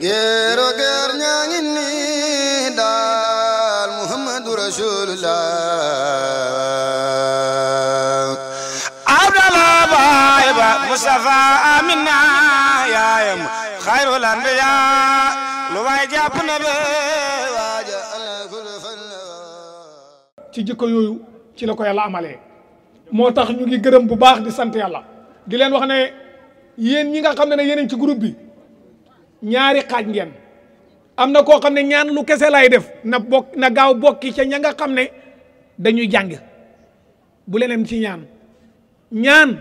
géero géer ñaa daal muhammadu rasulullah abdallah baay ba mustafa amina yaayam xayrul anbiya lu waay jàpp na be waaja ci jikko yooyu ci la ko yàlla moo tax ñu ngi gërëm bu baax di sant yàlla di leen wax ne yéen ñi nga xam ne ne yéen ci groupe bi ñaari xaaj ngeen am na koo xam ne ñaan lu kese lay def na bokk na gaaw bokki ca ña nga xam ne dañuy jàng bu leneen ci ñaan ñaan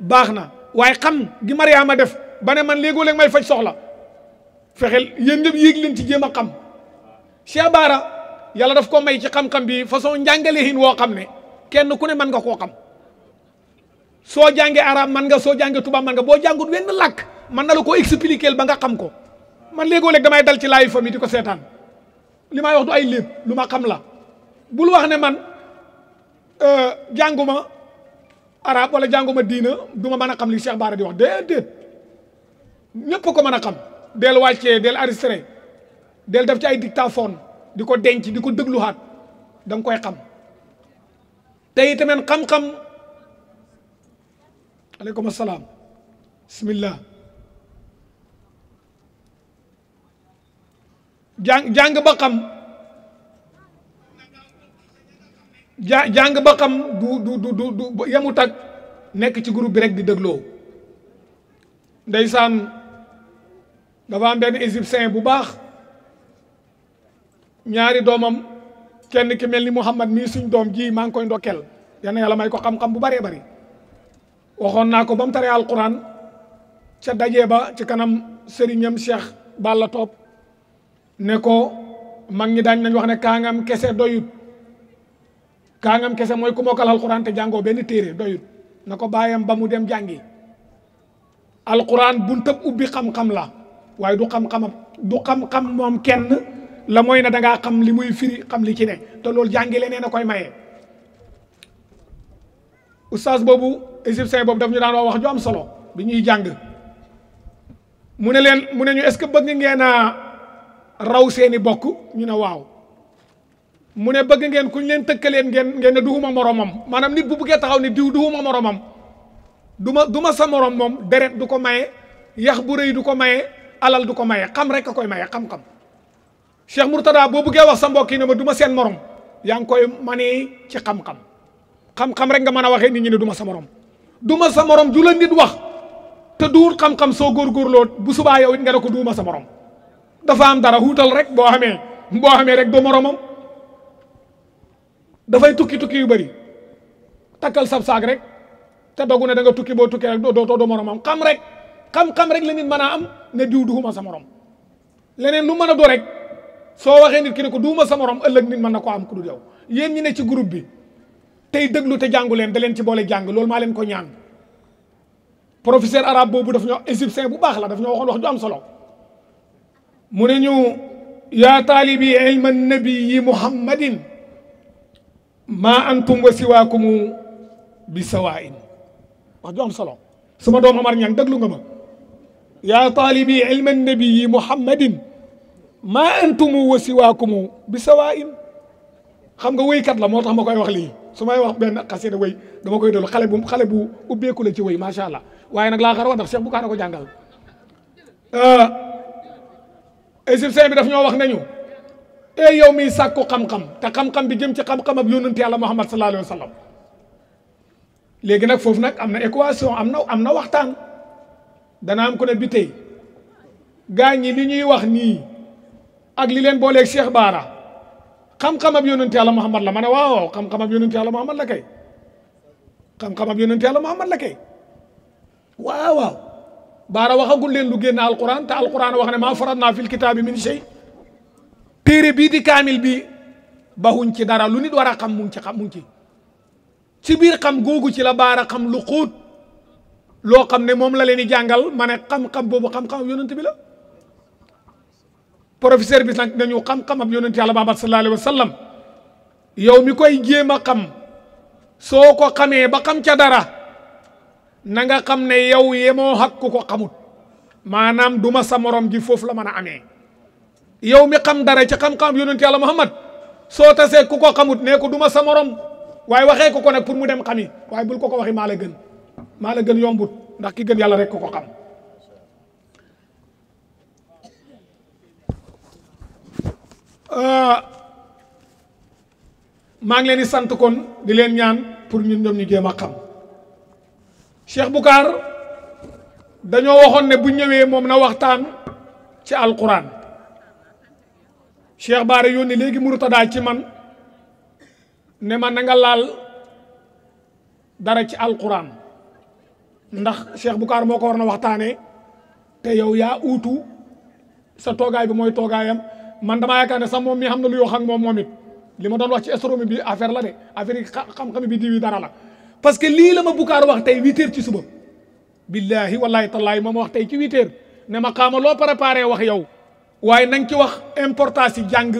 baax na waaye xam gi Mariama def ba ne man léegoo-léeg may faj soxla fexeel yéen ñëpp yéeg leen ci jéem a xam Cheikh Bara yàlla def ko may ci xam-xam bi façon njàngale hin woo xam ne kenn ku ne mën nga koo xam soo jàngee arab mën nga soo jàngee tubaab mën nga boo jàngut wenn làkk mën na la ko expliquer ba nga xam ko man léegoo léeg damay dal ci laayu famille di ko seetaan li may wax du ay léeb lu ma xam la bul wax ne man euh, jànguma arab wala jànguma diina du ma mën a xam li Cheikh Bara di wax déedéet ñëpp ko mën a xam del wàccee del enregistré del def ci ay dictaphone di ko denc di ko dégluwaat da nga koy xam te itamit xam-xam aleykum asalaam bismillah jàng jàng ba xam ja jàng ba xam du du du du du nekk ci groupe bi rek di dégloo ndeysaan dafa am benn égyptien bu baax ñaari doomam kenn ki mel ni Mouhamad mii suñ doom ji maa ngi koy ndokkel yal na yàlla may ko xam-xam bu bëree bëri waxoon naa ko ba mu taree alquran ca dajee ba ci kanam sëriñam Cheikh Balla Top ne ko mag ñi daan nañ wax ne kaangam kese doyut kaangam kese mooy ku mokkal alxuraan te jàngoo benn téere doyut na ko baayam ba mu dem jàngi alxuraan buntab ubbi xam-xam la waaye du xam-xam du xam-xam moom kenn la mooy ne dangaa xam li muy firi xam li ci ne te loolu jàngi leneen a koy maye oustaz boobu égyptien boobu daf ñu daan wax ju am solo bi ñuy jàng mu ne leen mu ne ñu est-ce que bëgg ngeen raw seeni bokk ñu ne waaw mu ne bëgg ngeen kuñ leen tëkkaleen ngeen ngeen ne duhuma moroomam maanaam nit bu buggee taxaw ne diw duhuma moromam du ma du ma sa moroom moom deret du ko maye yax bu rëy du ko maye alal du ko maye xam rek koy maye xam-xam Cheikh boo bëggee wax sa mbokk yi ne ma du seen morom yaa ngi koy manee ci xam-xam xam-xam rek nga mën a waxee nit ñu ne du ma sa morom du ma sa morom ju la nit wax te duur xam-xam soo góorgóorloo bu subaa yow it nga ne ko duuma sa morom dafa am dara wuutal rek boo xamee boo xamee rek du moromam dafay tukki tukki yu bëri takkal sab saag rek te dogu ne da nga tukki boo tukki rek doo doo moromam xam rek xam-xam rek la nit mën a am ne diw duuma sa morom leneen lu mën a do rek soo waxee nit ki ne ko duuma sa morom ëllëg nit mën na ko am ku dul yow yéen ñi ne ci groupe bi tey déglu te jàngu leen da leen ci boole jàng loolu maa leen ko ñaan professeur arabe boobu daf ñoo égyptien bu baax la daf ñoo waxoon wax ju am solo mu ne ñu yaa taalibi ilma nabiyi muhammadin maa antum wa siwaakumu bi sawaa'in wax ju am solo sama doom Omar ñang déglu nga ma yaa taalibi ilma nabiyi muhammadin maa antum wa siwaakumu bi sawaa'in xam nga wéykat la moo tax ma koy wax lii su may wax ben xasida wéy dama koy dolu xale bu xale bu ubbeeku la ci woy macha allah waaye nag laa xar wa ndax Cheikh Bukaana ko jàngal euh, égyptien bi daf ñoo wax nañu e yow mii sàkku xam-xam te xam-xam bi jëm ci xam-xam ak yónnent yàlla muhammad sallallahu alayhi wa sallam léegi nag foofu nag am na équation am na am na waxtaan dana am ku ne bi tey gaa ñi li ñuy wax nii ak li leen booleeg Cheikh Baara xam-xam ab yónnent yàlla muhammad la ma ne waaw waaw xam-xam ab yónnent yàlla muhammad la kay xam-xam ab yónnent muhammad la kay waaw waaw baara waxagul leen lu génn alquran te alquran wax ne maa farat naa fil kitaabi min shay téere bii di kaamil bii baxuñ ci dara lu nit war a xam mu ngi ci xam mu ci ci biir xam googu ci la baara xam lu xóot loo xam ne moom la leen di jàngal ma ne xam-xam boobu xam-xam yonent bi la professeur bi nag nañu xam-xam ab yonent yàlla Muhammad sallallahu alayhi wa yow mi koy jéem a xam soo ko xamee ba xam ca dara na nga xam ne yow yemoo xak ku ko xamut maanaam duma sa morom ji foofu la mën a amee yow mi xam dara ci xam-xam yonent yàlla muhammad soo tasee ku ko xamut nee ko duma sa morom waaye waxee ko ko nag pour mu dem xami waaye bul ko ko waxi maa la gën maa gën yombut ndax ki gën yàlla rek ko ko xam ah, maa ngi leen di sant kon di leen ñaan pour ñun ñoom ñu jéem a xam Cheikh Boucar dañoo waxoon ne bu ñëwee moom na waxtaan ci alquran Cheikh yoon yónni léegi daal ci man ne man na nga laal dara ci alquran ndax Cheikh Boucar moo ko war na waxtaane te yow yaa uutu sa toogaay bi mooy toogaayam man damaa yaakaar ne sax moom mi xam na lu yoo xam moom moom it li ma doon wax ci astronomie bi affaire la de affaire yi xam-xam bi diwi dara la parce que lii la ma Boucar wax tey huit heures ci suba billahi wallahi tallahi ma ma wax tey ci huit ne ma xaama loo préparé wax yow waaye na nga wax importance yi jàng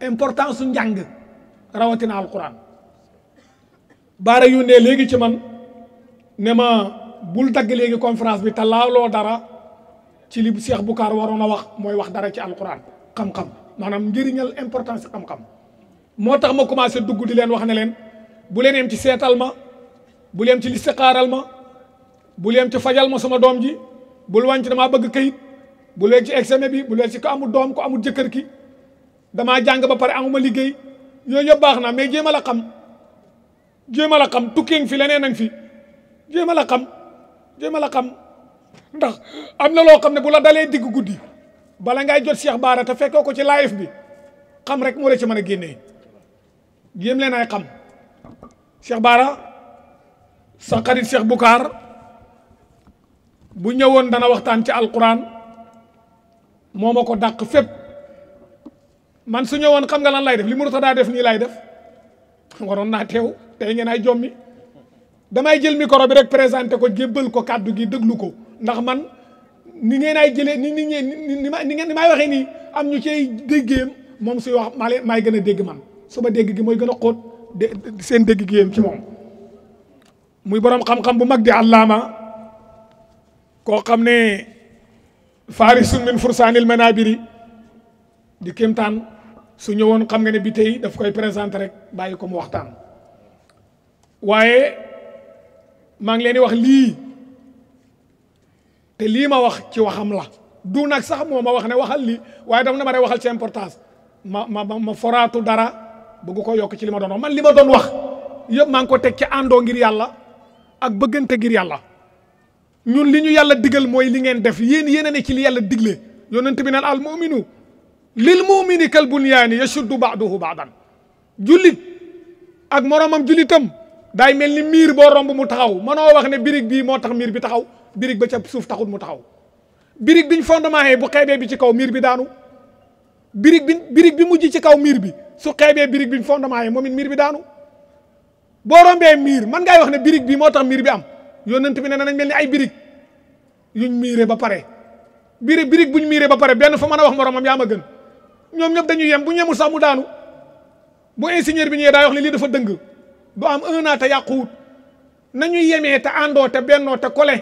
importance su njàng rawatina alquran baara yu ne léegi ci man ne ma bul dagg léegi conférence bi te laaloo dara ci li Cheikh Boucar waroon a wax mooy wax dara ci alquran xam-xam maanaam njëriñal importance xam-xam moo tax ma commencé dugg di leen wax ne leen bu leen ci seetal ma bul yem ci listixaaral ma bul yem ci fajal ma sama doom ji bul wàññi ci damaa bëgg këyit bul yem ci examen bi bul yem ci ko amul doom ko amul jëkkër ki damaa jàng ba pare ma liggéey yooyu yëpp baax na mais jéem a la xam jéem a la xam tukki fi leneen nag fi jéem a la xam jéem a la xam ndax am na loo xam ne bu la dalee digg guddi bala ngay jot Cheikh Baara te fekkoo ko ci live bi xam rek moo la ci mën a génnee jéem leen ay xam Cheikh Baara. sa xarit Cheikh Boucar bu ñëwoon dana waxtaan ci alquran moo ma ko dàq fépp man su ñëwoon xam nga lan lay def li Mourtada daa def nii lay def waroon naa teew tey ngeen ay jommi damay jël micro bi rek présenté ko jébbal ko kàddu gi déglu ko ndax man ni ngeen ay jëlee ni ni ni ma ni may waxee nii am ñu cay déggee moom suy wax maa leen maay gën a dégg man suba dégg gi mooy gën a xóot seen dégg gi yem ci moom. muy borom xam-xam bu mag di allaama koo xam ne farisun min fursaanil manabiri di kéemtaan su ñëwoon xam nga ne bi tey daf koy présenté rek bàyyi ko mu waxtaan waaye maa ngi leen di wax lii te lii ma wax ci waxam la du nag sax moo ma wax ne waxal lii waaye daf na ma rek waxal ci importance ma ma ma foraatu dara bëgg ko yokk ci li ma doon wax man li ma doon wax yëpp maa ngi ko teg ci àndoo ngir yàlla ak bëggante ngir yàlla ñun li ñu yàlla digal mooy li ngeen def yéen yéen a ne ci li yàlla digle yonent bi naan al muminu lil mumini kal bunyaani yashuddu baaduhu baadan jullit ak moroomam jullitam daay mel ni miir boo romb mu taxaw mënoo wax ne birig bi moo tax miir bi taxaw birig ba ca suuf taxut mu taxaw birig biñ fondement bu xeebee bi ci kaw miir bi daanu birig bi birig bi mujj ci kaw miir bi su xeebee birig biñ fondement moom miir bi daanu boo rombee miir man ngay wax ne birig bii moo tax miir bi am yonent bi ne nañ mel ni ay birig yuñ miire ba pare birig birig buñ miire ba pare benn foo mën a wax moromam yaa ma gën ñoom ñëpp dañuy yem bu ñu yemul sax mu daanu bu ingénieur bi ñëwee daa wax ne lii dafa dëng du am un an te yàquwut nañu yemee te àndoo te bennoo te kole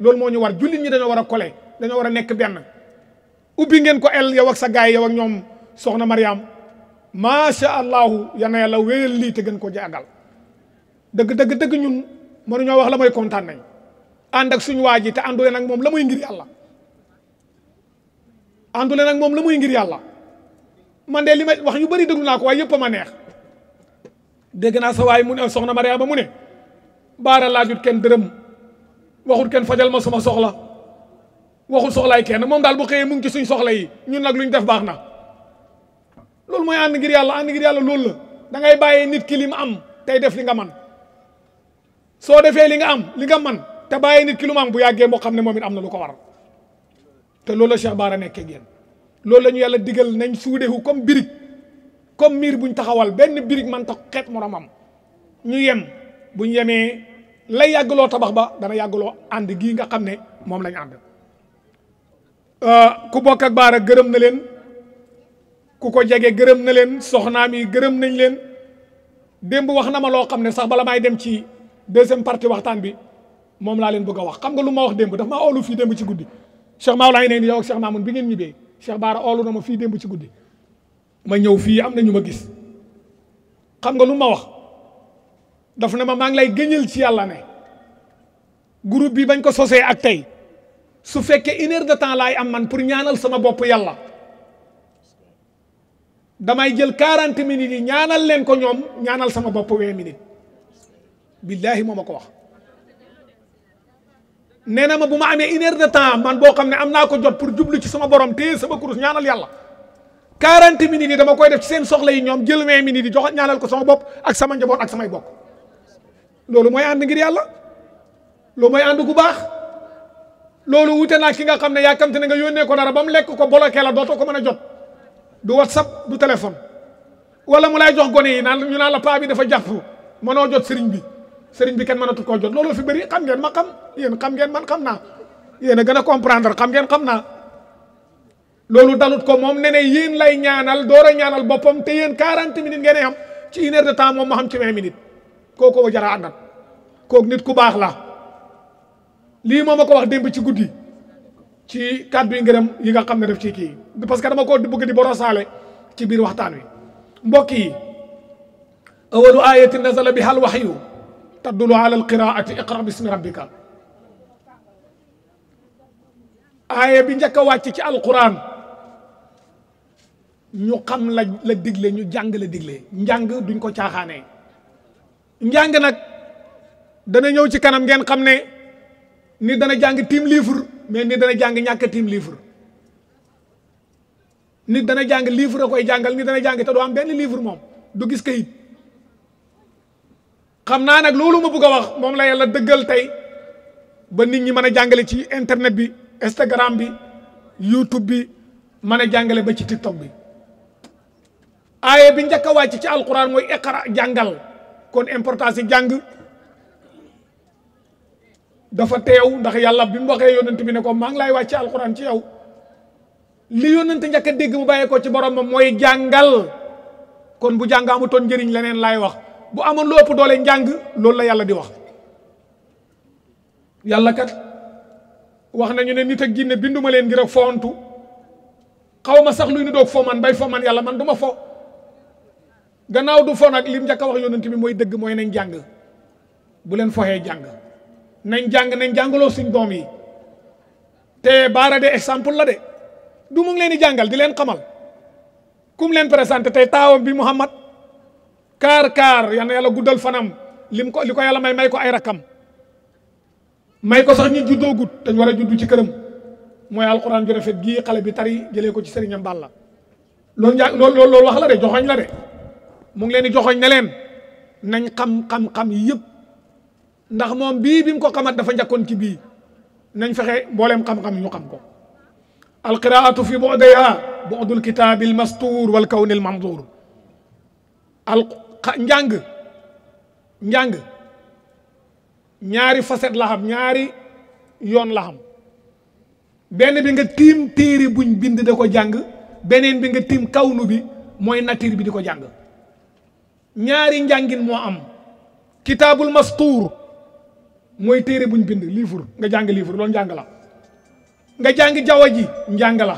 loolu moo ñu war jullit ñi dañoo war a kole dañoo war a nekk benn ubbi ngeen ko el yow ak sa gaay yow ak ñoom soxna Mariam macha allahu yal na yàlla wéyal lii te gën ko jàngal dëgg dëgg dëgg ñun mënuñoo wax la mooy kontaan nañ ànd ak suñu waa ji te àndu nag moom la muy ngir yàlla àndu nag moom la muy ngir yàlla man de li ma wax ñu bari déglu naa ko waaye yépp ma neex dégg naa sa waay mu ne soxna Mariama mu ne baara laajut kenn dërëm waxut kenn fajal ma sama soxla waxut soxlaay kenn moom daal bu xëyee mu ngi ci suñ soxla yi ñun nag lu ñu def baax na loolu mooy ànd ngir yàlla ànd ngir yàlla loolu la dangay bàyyee nit ki li mu am tey def li nga man soo defee li nga am li nga man te bàyyi nit kilomam bu yàggee moo xam ne moom it am na lu ko waral te loolu la Cheikh Bara nekkee ak yéen loolu la ñu yàlla digal nañ suudeeku comme birig comme miir buñ taxawal benn birig man tax xeet moromam ñu yem buñ yemee lay yàggaloo tabax ba dana yàggaloo ànd gii nga xam ne moom lañ ànd euh, ku bokk baara gërëm na leen ku ko jege gërëm na leen soxnaam yi gërëm nañ leen bu wax na ma loo xam ne sax bala may dem ci deuxième partie waxtaan bi moom laa leen bëgg a wax xam nga lu ma wax démb daf maa oolu fii démb ci guddi Cheikh Maola ne ni yow ak Cheikh Mamoun bi ngeen ñibbee Cheikh Baara oolu na ma fii démb ci guddi ma ñëw fii am na ñu ma gis xam nga lu ma wax daf ne ma maa ngi lay gëñal ci yàlla ne groupe bi bañ ko sosee ak tey su fekkee une heure de temps laay am man pour ñaanal sama bopp yàlla damay jël quarante minutes yi ñaanal leen ko ñoom ñaanal sama bopp vingt minutes billaahi moom ma ko wax nee na ma bu ma amee une heure de temps man boo xam ne am naa ko jot pour jublu ci sama borom téye sama kurus ñaanal yàlla quarante minutes yi dama koy def seen soxla yi ñoom jël vingt minutes yi jox ñaanal ko sama bopp ak sama njaboot ak samay bokk loolu mooy ànd ngir yàlla loolu mooy ànd gu baax loolu wute naa ki nga xam ne yàkkamte ne nga yónnee ko dara ba mu lekk ko bloqué la dooto ko mën a jot du whatsapp du téléphone wala mu lay jox gone yi naan ñu naan la bi dafa jàpp mënoo jot sëriñ bi sëriñ bi kenn mënatu koo jot looloo fi bëri xam ngeen ma xam yéen xam ngeen man xam naa yéen a gën a comprendre xam ngeen xam naa loolu dalut ko moom ne ne yéen lay ñaanal door a ñaanal boppam te yéen 40 minutes ngeen am ci une heure de temps moom ma xam ci 20 minutes kooku wa jara àndal kooku nit ku baax la lii moom ma ko wax démb ci guddi ci kàddu yi ngërëm yi nga xam ne def ci kii parce que dama koo bëgg di borosaale ci biir waxtaan wi mbokk yi awalu ayatin nazala bi hal waxyu tadulu ala alqiraati iqra bismi rabbika aaya bi njëkk a wàcc ci alquran ñu xam la digle ñu jàng la digle njàng duñ ko caaxaanee njàng nag dana ñëw ci kanam ngeen xam ne ni dana jàng tiim livre mais ni dana jàng ñàkk tiim livre nit dana jàng livre a koy jàngal nit dana jàng te doo am benn livre moom du gis kayit xam naa nag loolu ma bëgg a wax moom la yàlla dëggal tey ba nit ñi mën a jàngale ci internet bi Instagram bi YouTube bi mën a jàngale ba ci TikTok bi aaye bi njëkk a wàcc ci alquran mooy iqra jàngal kon importance yi jàng dafa teew ndax yàlla bi mu waxee yonent bi ne ko maa ngi laay ci alquran ci yow li yonent njëkk a dégg mu bàyyee ko ci borom ma mooy jàngal kon bu jàng amutoon njëriñ leneen laay wax bu amoon lu ëpp doole njàng loolu la yàlla di wax yàlla kat wax nañu ne nit ak jinne binduma leen ngir ak foontu xaw ma sax luy nu doog foo man bay foo man yàlla man du ma fo gannaaw du fo nag lim njëkk wax yonent bi mooy dëgg moo nañ jàng bu leen foxee jàng nañ jàng nañ jàngaloo suñ doom yi te baara de exemple la de du mu leen di jàngal di leen xamal kum leen présenté tey taawam bi Muhammad kaar kaar yan na yàlla guddal fanam lim ko li ko yàlla may may ko ay rakam may ko sax ñi juddoogut dañ war a juddu ci këram mooy alxuraan ju rafet gii xale bi tari jëlee ko ci sëriñam Balla lool lool loolu loolu wax la de joxoñ la de mu ngi leen di joxoñ ne leen nañ xam xam xam yëpp ndax moom bii bi ko xamat dafa njëkkoon ci bii nañ fexe mbooleem xam-xam ñu xam ko alqiraatu fi bu'dayha bu'dul kitaabil mastuur wal kawnil mamduur al njàng njàng ñaari faset la ñaari yoon laxam benn bi nga tiim téere buñ bind da ko jàng beneen bi nga tiim kawnu bi mooy nature bi di ko jàng ñaari njàngin moo am kitaabul mastuur mooy téere buñ bind livre nga jàng livre loolu njàng la nga jàng jaww ji njàng la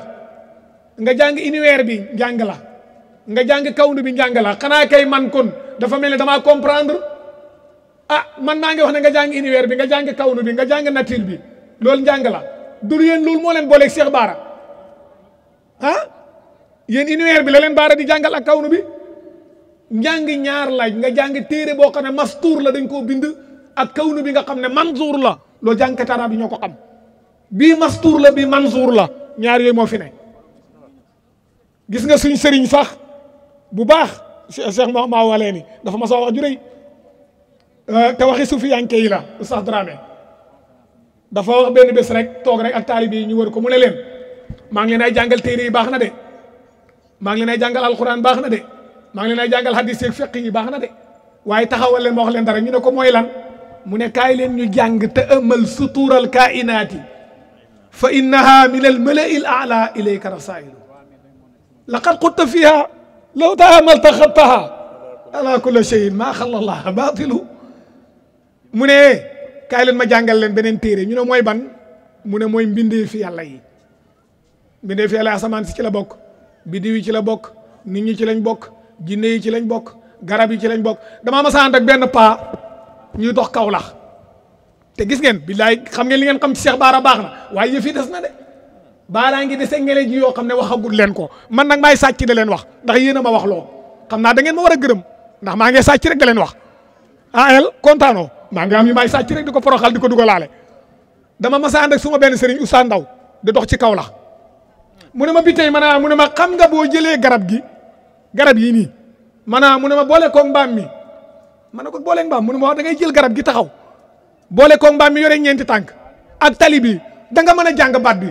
nga jàng univers bi njàng la nga jàng kawndu bi njàng la xanaa kay man kon dafa mel ne damaa comprendre a ah, man naa ngi wax ne nga jàng univers bi nga jàng kawndu bi nga jàng nature bi loolu njàng la dul yéen loolu moo leen booleeg Cheikh Baara ah yéen univers bi la leen di jàngal ak bi njàng ñaar laaj nga jàng téere boo xam ne mastuur la dañ koo bind ak kawndu bi nga xam ne man manzuur la loolu jàngkat arab yi ñoo ko xam bii mastuur la bii manzuur la ñaar yooyu moo fi ne gis nga suñ sëriñ sax bu baax Cheikh Maa walee ni dafa mas a wax ju rëy euh, te waxi sufiyanke yi la sax Dramé dafa wax benn bes rek toog rek ak taalibe yi ñu wër ko mu ne leen maa ngi jàngal téere yi baax na de maa ngi leen ay jàngal alquran baax na de maa ngi leen ay jàngal hadis yeeg fiq yi baax na de waaye taxawal leen ma wax leen dara ñu ne ko mooy lan mu ne kaay leen ñu jàng te ëmmal sutural kainaati fa innaha min al malai al ala ilayka la laqad qutta fiha law taamalta xattaha ala kulli shay'in maa xalla llaaha baatilu mu ne kaay leen ma jàngal leen beneen téere ñu ne mooy ban mu ne mooy mbindee fi yàlla yi mbindee fi yàlla asamaan si ci la bokk biddiw yi ci la bokk nit ñi ci lañ bokk jinne yi ci lañ bokk garab yi ci lañ bokk dama ma sant ak benn paa ñuy dox Kawlax te gis ngeen billaay xam ngeen li ngeen xam seex Cheikh Baara baax na waaye yëf yi des na de baaraa ngi dese ngele yoo xam ne wax waxagul leen ko man nag maay sàcc da leen wax ndax yéena ma wax loo xam naa da ngeen ma war a gërëm ndax maa ngi sàcc rek da leen wax ah el kontaanoo maa ngi am yu maay sàcc rek di ko foroxal di ko dugalaale dama mas a ànd ak suma benn sëriñ Oustaz Ndaw di dox ci kaw la mu ne ma bi ma naa mu ne ma xam nga boo jëlee garab gi garab yii nii maanaam mu ne ma boole koog mbaam mi ma ne ko boole mbaam mu ma da ngay jël garab gi taxaw boole koog mbaam mi yore ñeenti tànk ak tali bi da nga mën a jàng baat bi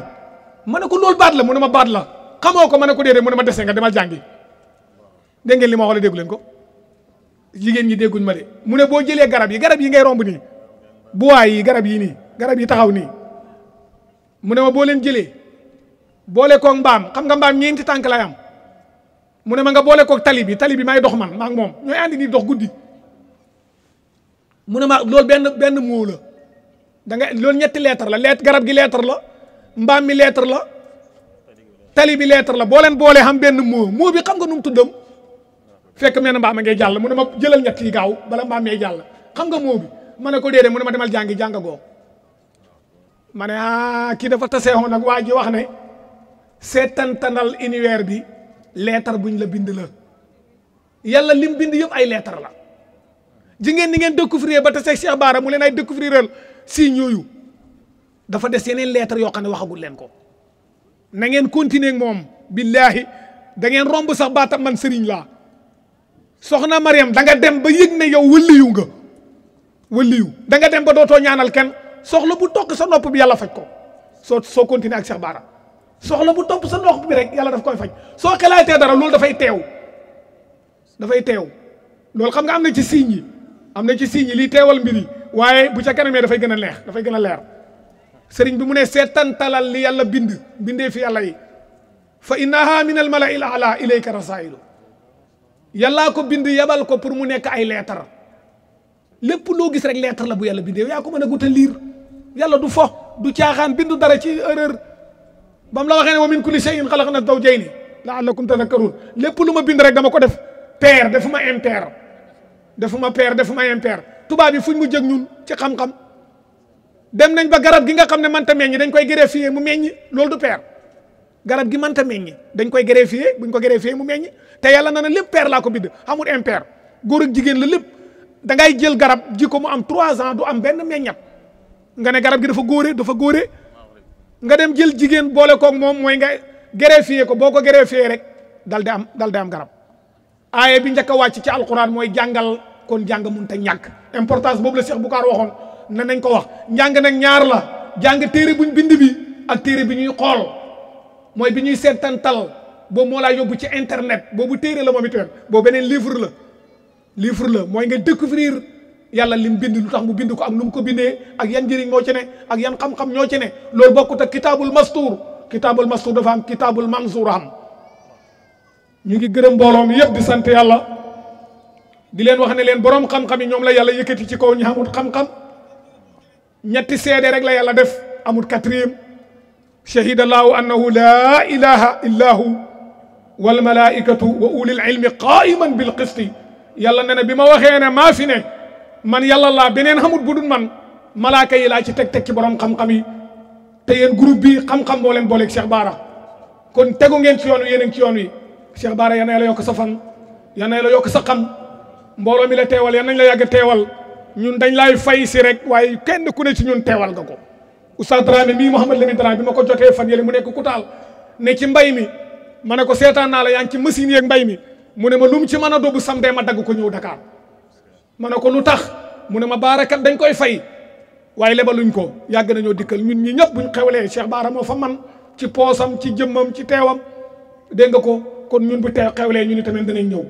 ma ne ko loolu baat la mu ne ma baat la xamoo ko ma ne ko déedéet mu ne ma dese nga demal jàngi dégg li ma wax la déggu leen ko jigéen ñi dégguñ ma de mu ne boo jëlee garab yi garab yi ngay romb nii buwaay yi garab yi nii garab yi taxaw nii mu ne ma boo leen jëlee boole koog mbaam xam nga mbaam ñeenti tànk lay am mu ne ma nga boole koog tali bi tali bi may dox man maa ngi moom ñooy àndi ni dox guddi mu ne ma lool benn benn moo la da ñetti leetar la leet garab gi leetar la mbaam mi lettre la tali bi lettre la boo leen boolee xam benn moo moo bi xam nga nu mu tuddam fekk mel ne mbaam ma ngay jàll mu ne ma jëlal ñett yi gaaw bala mbaam ngay jàll xam nga moo ma ne ko déedéet mu ne ma demal jàngi jàngagoo ma ne ah kii dafa taseexoon nag waa ji wax ne seetantanal univers bi leetar buñ la bind la yàlla lim bind yëpp ay leetar la ji ngeen ni ngeen découvrir ba taseeg Cheikh Bara mu leen ay découvriral si ñooyu dafa des yeneen lettre yoo xam ne waxagul leen ko na ngeen continuer moom billaahi da ngeen romb sax baatam man sëriñ laa soxna Mariam da nga dem ba yëg ne yow wëlliyu nga wëlliyu da nga dem ba dootoo ñaanal kenn soxla bu tokk sa nopp bi yàlla faj ko soo soo continuer ak Cheikh soxla bu topp sa nopp bi rek yàlla daf koy faj soo xalaatee dara loolu dafay teew dafay teew loolu xam nga am na ci signe yi am na ci signe yi teewal mbir yi waaye bu ca kanamee dafay gën a neex dafay gën a leer sëriñ bi mu ne seetantalal li yàlla bind bindee fi yàlla yi fa innaha min al mala'il ala ilayka rasailu yàllaa ko bind yabal ko pour mu nekk ay leetar lépp loo gis rek leetar la bu yàlla bindee yaa ko mën a gut a liir yàlla du fo du caaxaan bindu dara ci erreur bam la waxee ne wa min kulli shay'in xalaqna zawjayni la'allakum tadhakkarun lépp lu ma bind rek dama ko def pair defu ma defuma defu ma impair tubaab yi fuñ mu jëg ñun ci xam-xam dem nañ ba garab gi nga xam ne mënta meññ dañ koy greffier mu meññ loolu du peer garab gi mënta meññ dañ koy greffier buñ ko greffier mu meññi te yàlla na ne lépp peer laa ko bind amul impair góor ak jigéen la lépp da jël garab ji ko mu am trois ans du am benn meññat nga ne garab gi dafa góore dafa góore nga dem jël jigéen boole koog moom mooy nga greffier ko boo ko greffier rek dal di am dal di am garab aaye bi njëkk a wàcc ci alquran mooy jàngal kon jàng mun te ñàkk importance boobu la Cheikh Boucar waxoon ne nañ ko wax njàng nag ñaar la jàng téere buñ bind bi ak téere bi ñuy xool mooy bi ñuy seetantal boobu moo laa yóbbu ci internet boobu téere la moom itam boobu beneen livre la livre la mooy nga découvrir yàlla mu bind lu tax mu bind ko ak nu mu ko bindee ak yan jëriñ moo ci ne ak yan xam-xam ñoo ci ne loolu bokkut ak kitaabul mastuur kitaabul mastuur dafa am kitaabul mansuur am ñu ngi gërëm mbooloo mi yëpp di sant yàlla di leen wax ne leen borom xam-xam yi ñoom la yàlla yëkkati ci kaw ñi xamul ñetti seede rek la yàlla def amul quatrième shahida allahu annahu laa ilaha illa hu wal malaikatu wa ulil ilmi qaiman bil qisti yàlla ne na bi ma waxee ne maa fi ne man yàlla laa beneen xamut bu man malaaka yi laa ci teg-teg ci borom xam-xam yi te yéen groupe bi xam-xam boo leen booleeg Cheikh Baara kon tegu ngeen ci yoon wi yéen ci yoon wi Cheikh Baara yal na la yokk sa fan yal na la mbooloo mi la teewal yal nañ la yàgg teewal ñun dañ laay fay si rek waaye kenn ku ne ci ñun teewal nga ko Oustaz Dramé moo Mouhamed Lamine Dramé bi ma ko jotee fan yële mu nekk ku taal ne ci mbay mi ma ne ko seetaan naa la yaa ci machine yeeg mbay mi mu ne ma lu ci mën a doobu samdee ma dagg ko ñëw Dakar ma ne ko lu tax mu ne ma baarakat dañ koy fay waaye lebaluñ ko yàgg nañoo dikkal ñun ñi ñëpp buñ xewlee Cheikh Baara moo fa man ci poosam ci jëmmam ci teewam dégg nga ko kon ñun bu teew xewlee ñu ni tamit danañ ñëw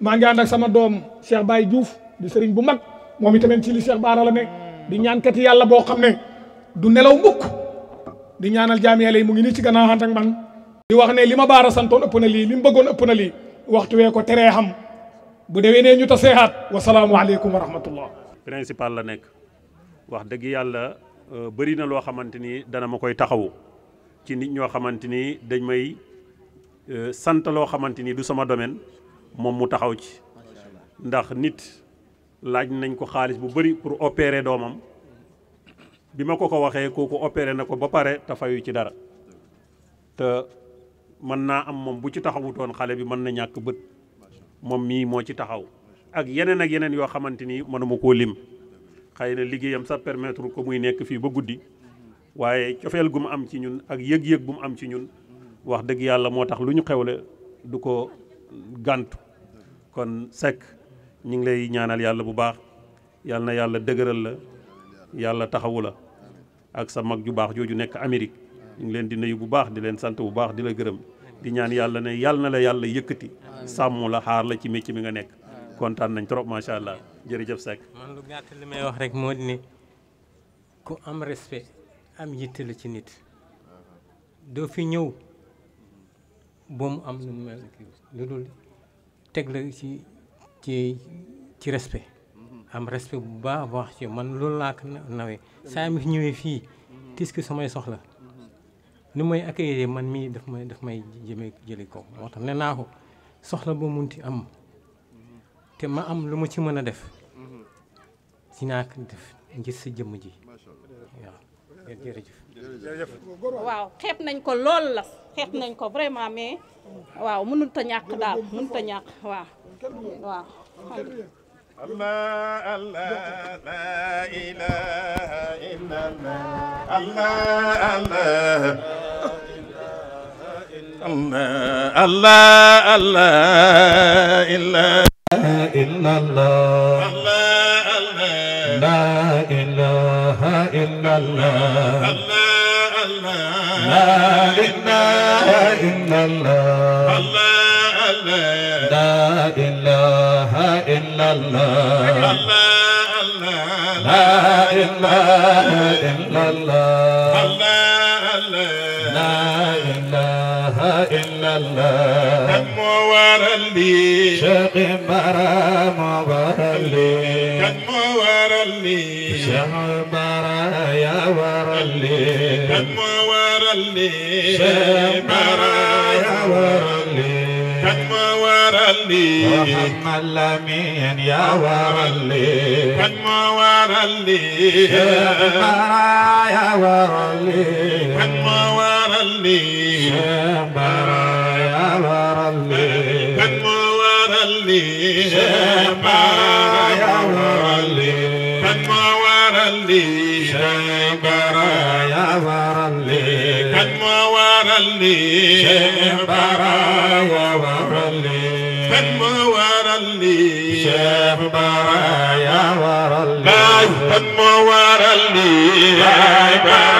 maa ngi ak sama doom Cheikh Baye Diouf di sëriñ bu mag moom itamit ci li Cheikh Baara la ne di ñaankati yàlla boo xam ne du nelaw mukk di ñaanal jaam yàlla mu ngi nii ci gannaaw ànd man di wax ne li ma Baara santoon ëpp na lii li mu bëggoon ëpp na lii waxtu wee ko teree xam bu déwénee ñu taseexaat wasalaamualeykum wa rahmatullah principal la nekk wax dëgg yàlla euh, bëri na loo xamante ni dana ma koy taxawu ci nit ñoo xamante ni dañ may euh, sant loo xamante ni du sama domaine moom mu taxaw ci ndax nit laaj nañ ko xaalis bu bari pour opérer doomam bi ma ko ko waxee kooku opérer na ko ba pare te fayu ci dara te mën naa am moom bu ci taxawutoon xale bi mën na ñàkk bët moom mii moo ci taxaw ak yeneen ak yeneen yoo xamante ni mënuma koo lim xëy na liggéeyam sax permettre ko muy nekk fii ba guddi waaye cofeel gu mu am ci ñun ak yëg-yëg bu mu am ci ñun wax dëgg yàlla moo tax lu ñu xewle du ko gàntu kon Seck ñu ngi lay ñaanal yàlla bu baax yàlla na yàlla dëgëral la yàlla taxawu la ak sa mag ju baax jooju nekk Amérique ñu ngi leen di nuyu bu baax di leen sant bu baax di la gërëm di ñaan yàlla ne yàlla na la yàlla yëkkati sàmm la xaar la ci métier mi nga nekk kontaan nañ trop macha allah jërëjëf Seck. man lu gàtt li may wax rek moo di ne ku am respect la ci nit doo fi ñëw ba am lu mu mel lu dul teg la ci. ci ci respect am respe bu baax a baax ci man loolu laa ko nawee saa mi fi ñëwee fii tis ki samay soxla ni may accueillir man mii daf may daf may jëmee jëli ko moo tax ne naa ko soxla mun munti am te ma am lu ma ci mën a def si naa ko def ngir sa jëmm ji waaw jërëjëf waaw xeeb nañ ko lool la xeeb nañ ko vraiment mais waaw mënut a ñàkk daal mënut a ñàkk waaw waaw الله الله لا إله إلا الله الله الله الله الله إلا الله إلا الله لا إله إلا الله لا إله إلا الله لا إله إلا الله لا إله إلا الله دم ورلي شق مرام ورلي ورلي شهر برايا ورلي كم ورلي شهر برايا ورلي كم ورلي محمد لمين يا ورلي كم ورلي شهر برايا ورلي كم ورلي شهر برايا ورلي كم ورلي شهر برايا ورلي لي شبرا يا ورا لي كان ما ورا لي شبرا يا ورا لي كان ما ورا لي شبرا يا ورا لي كان ما ورا لي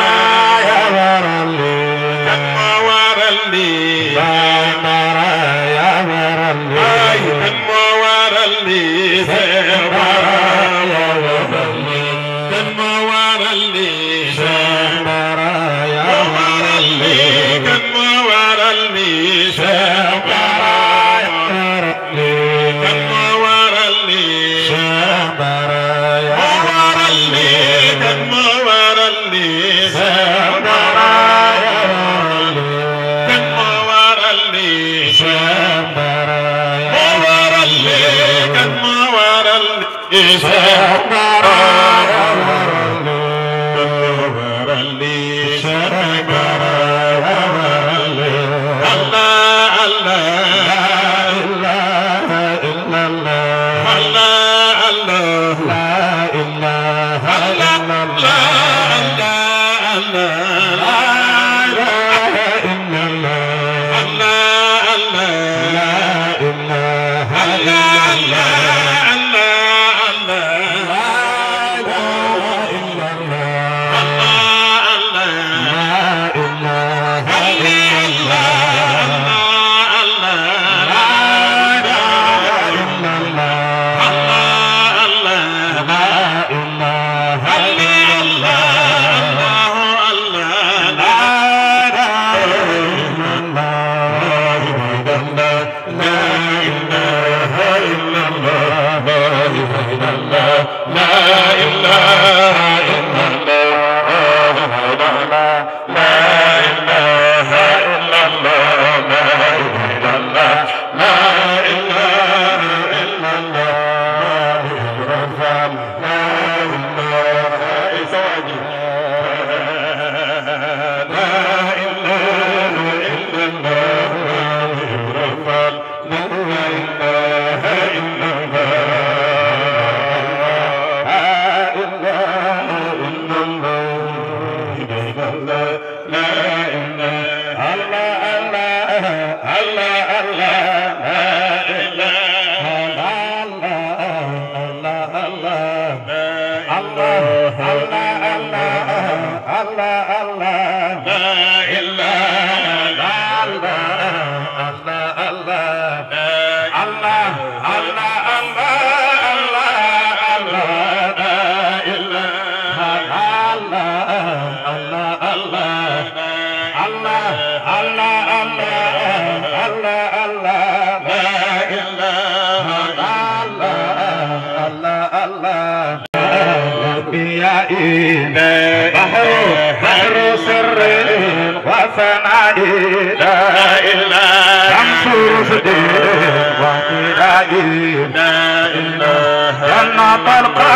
لا إله يلا طلقا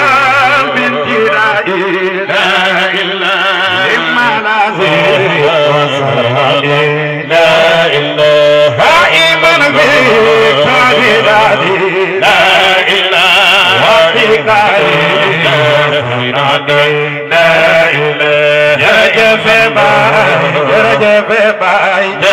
بنت لا إله إلا إما لازم لا إله قائما بك عبادي لا إله وفيك لا إله يا جفي باي يا جفي باي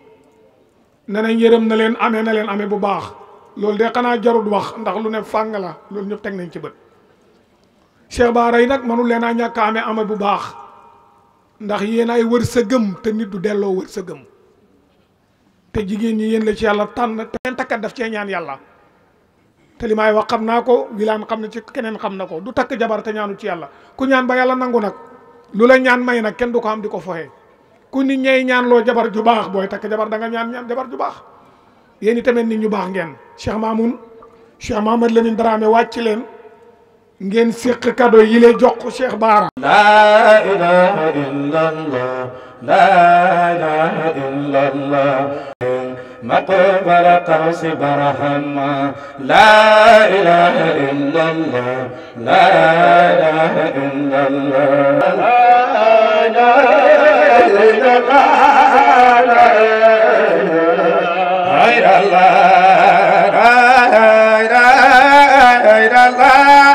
ne nañ yërëm na leen ame na leen amee bu baax loolu de xanaa jarut wax ndax lu ne fàng la loolu ñëpp teg nañ ci bët Cheikh Baara yi nag mënu leen a ñàkk a amee bu baax ndax yéen ay wër sa gëm te nit du delloo wër sa gëm te jigéen ñi yéen la ci yàlla tànn te leen takkat daf cee ñaan yàlla te li may wax xam naa ko wilaan xam na ci keneen xam na ko du takk jabar te ñaanu ci yàlla ku ñaan ba yàlla nangu nag lu la ñaan may nag kenn du ko am di ko foxee ku nit ñay ñaan loo jabar ju baax booy takk jabar da nga ñaan ñaan jabar ju baax yéen itamit nit ñu baax ngeen Cheikh Mamoun Cheikh Mahamad Lamine Dramé wàcc leen ngeen séq cadeau yi lay jox Cheikh Baara laa ilaha illallah laa ilaha مقبل قوس برهما لا إله إلا الله لا إله إلا الله لا إله إلا الله غير الله غير الله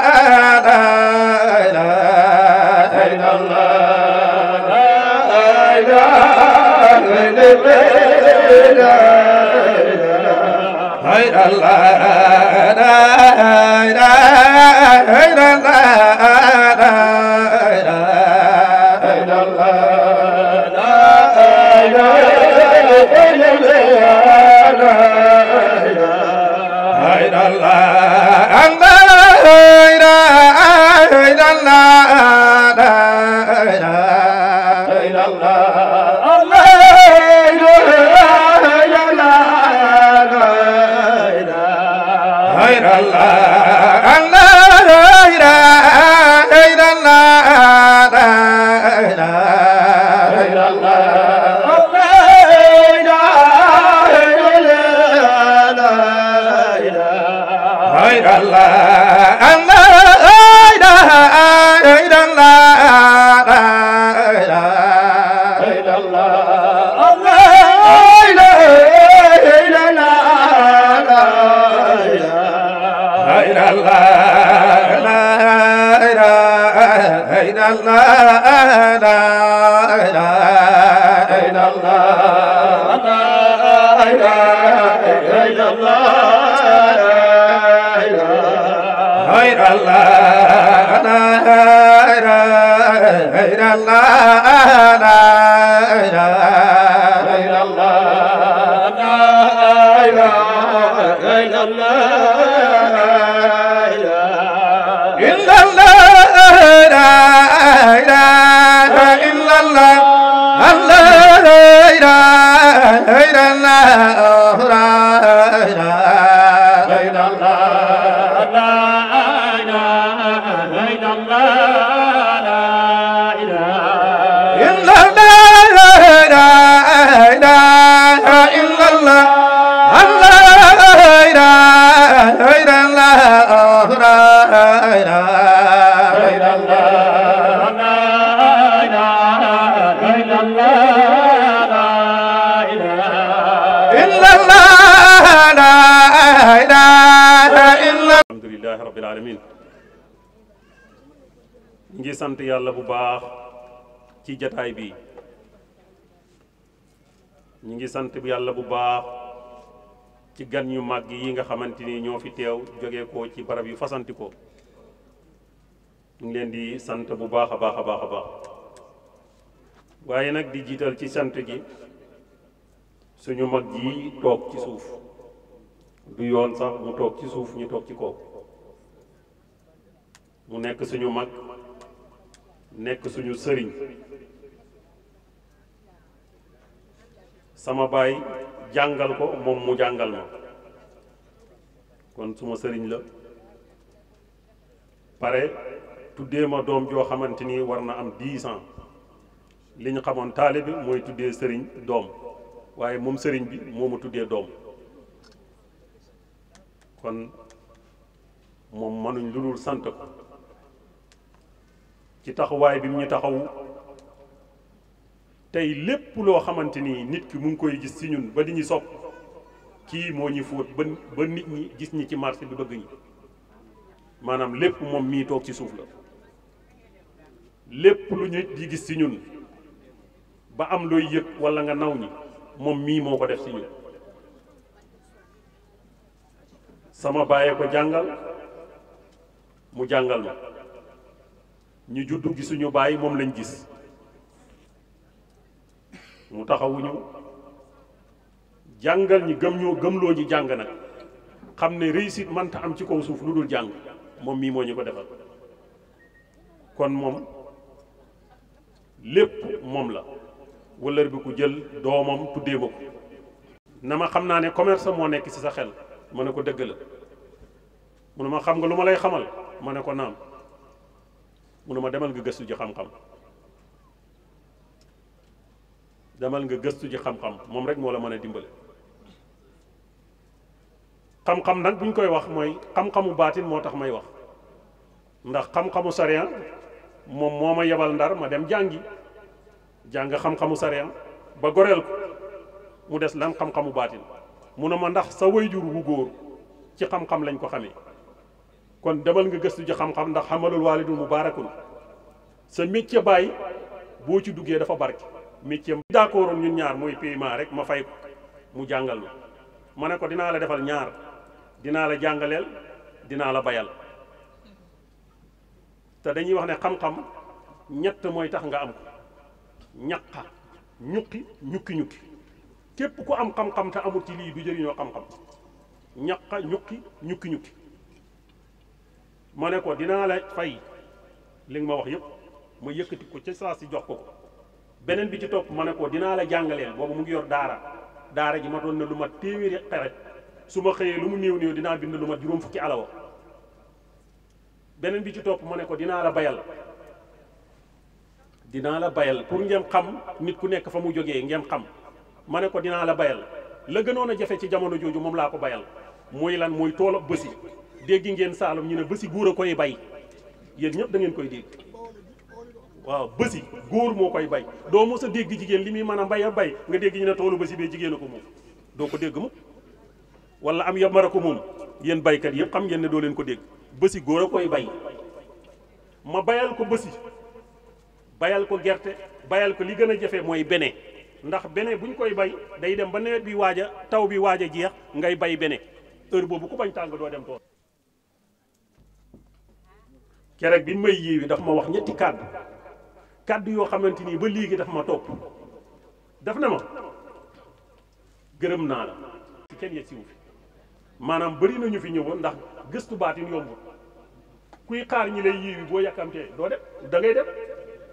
la la la la Allah la la la ngi sant yàlla bu baax ci jataay bii ñu ngi sant yàlla bu baax ci gan yu màgg yi nga xamante ni ñoo fi teew jóge ko ci barab yu fasanti ko ñu ngi leen di sant bu baax a baax a baax a baax waaye nag di jiital ci sant gi suñu mag yi toog ci suuf du yoon sax mu toog ci suuf ñu toog ci kaw mu nekk suñu mag nekk suñu sëriñ sama baay jàngal ko moom mu jàngal ma kon suma sëriñ la pare tuddee ma doom joo xamante ni war na am dix ans li ñu xamoon taalibe mooy tuddee sëriñ doom waaye moom sëriñ bi moo ma tuddee doom kon moom mënuñ lu dul sant ko ci taxawaay bi mu ñu taxawu tey lépp loo xamante ni nit ki mu ngi koy gis ci ñun ba di ñu sopp kii moo ñu fóot ba nit ñi gis ñi ci marché bi bëgg ñi maanaam lépp moom mii toog ci suuf la lépp lu nit di gis ci ñun ba am looy yëg walla nga naw ñi moom mii moo ko def ci ñun sama bàyyee ko jàngal mu jàngal ma ñu juddu gisuñu bàyyi moom lañu gis mu taxawuñu jàngal ñi gëm ñoo gëmloo ñi jàng nag xam ne réussite mënta am ci kaw suuf lu dul jàng moom mii moo ñu ko defal kon moom lépp moom la wëllër bi ku jël doomam tuddee ma ko na xam naa ne commerce moo nekk ci sa xel ma ne ko dëgg la mu ne ma xam nga lu ma lay xamal ma ne ko naam mu ma demal nga gëstu ji xam-xam demal nga gëstu ji xam-xam moom rek moo la mën a dimbali xam-xam nag buñ koy wax mooy xam-xamu baatin moo tax may wax ndax xam-xamu sariya moom moo ma yebal ndar ma dem jàngi jàng xam-xamu sariya ba goreel ko mu des lan xam-xamu baatin mu ne ma ndax sa wayjur wu góor ci xam-xam lañ ko xamee kon demal nga gëstu ji xam-xam ndax xamalul waalidul mubaarakun sa métier bàyyi boo ci duggee dafa barke métier d'accord ñun ñaar mooy paiement rek ma fay ko mu jàngal ma ma ne ko dinaa la defal ñaar dinaa la jàngaleel dinaa la bayal te dañuy wax ne xam-xam ñett mooy tax nga am ko ñaqa ñuqi ñukki ñukki képp ku am xam-xam te amul ci lii du jëriñoo xam-xam ñaqa ñuqi ñukki ñukki ma ne ko dinaa la fay li ma wax yëpp ma yëkkati ko ca saa si jox ko ko beneen bi ci topp ma ne ko dinaa la jàngaleel boobu mu ngi yor daara daara ji ma doon na lu ma téeméeri xeret su ma xëyee lu mu néew néew dinaa bind lu ma juróom fukki alawa beneen bi ci topp ma ne ko dinaa la bayal dinaa la bayal pour ngeen xam nit ku nekk fa mu jógee ngeen xam ma ne ko dinaa la bayal la gënoon jafe ci jamono jooju moom laa ko bayal mooy lan mooy tool ab bësi dégg ngeen saalom ñu ne bësi góor a koy bay yéen ñëpp da ngeen koy dégg waaw bësi góor moo koy bay doo mos a dégg jigéen li muy mën a mbay a bay nga dégg ñu ne toolu bësi bee jigéen a ko moom doo ko dégg mu wala am yamara ko moom yéen baykat yëpp xam ngeen ne doo leen ko dégg bësi góor a koy bay ma bayal ko bësi bayal ko gerte bayal ko li gën a jafe mooy bene ndax bene buñ koy bay day dem ba nawet bi waaj a taw bi waaj a jeex ngay bay bene heure boobu ku bañ dem tool keroog bi may yéewi daf ma wax ñetti kàddu kàddu yoo xamante nii ba léegi daf ma topp def na ma gërëm naa la ci kenn yegg siwu fi maanaam bëri nañu fi ñëw woon ndax gëstu baatin yombul kuy xaar ñi lay yéewi boo yàkkamtee doo dem da ngay dem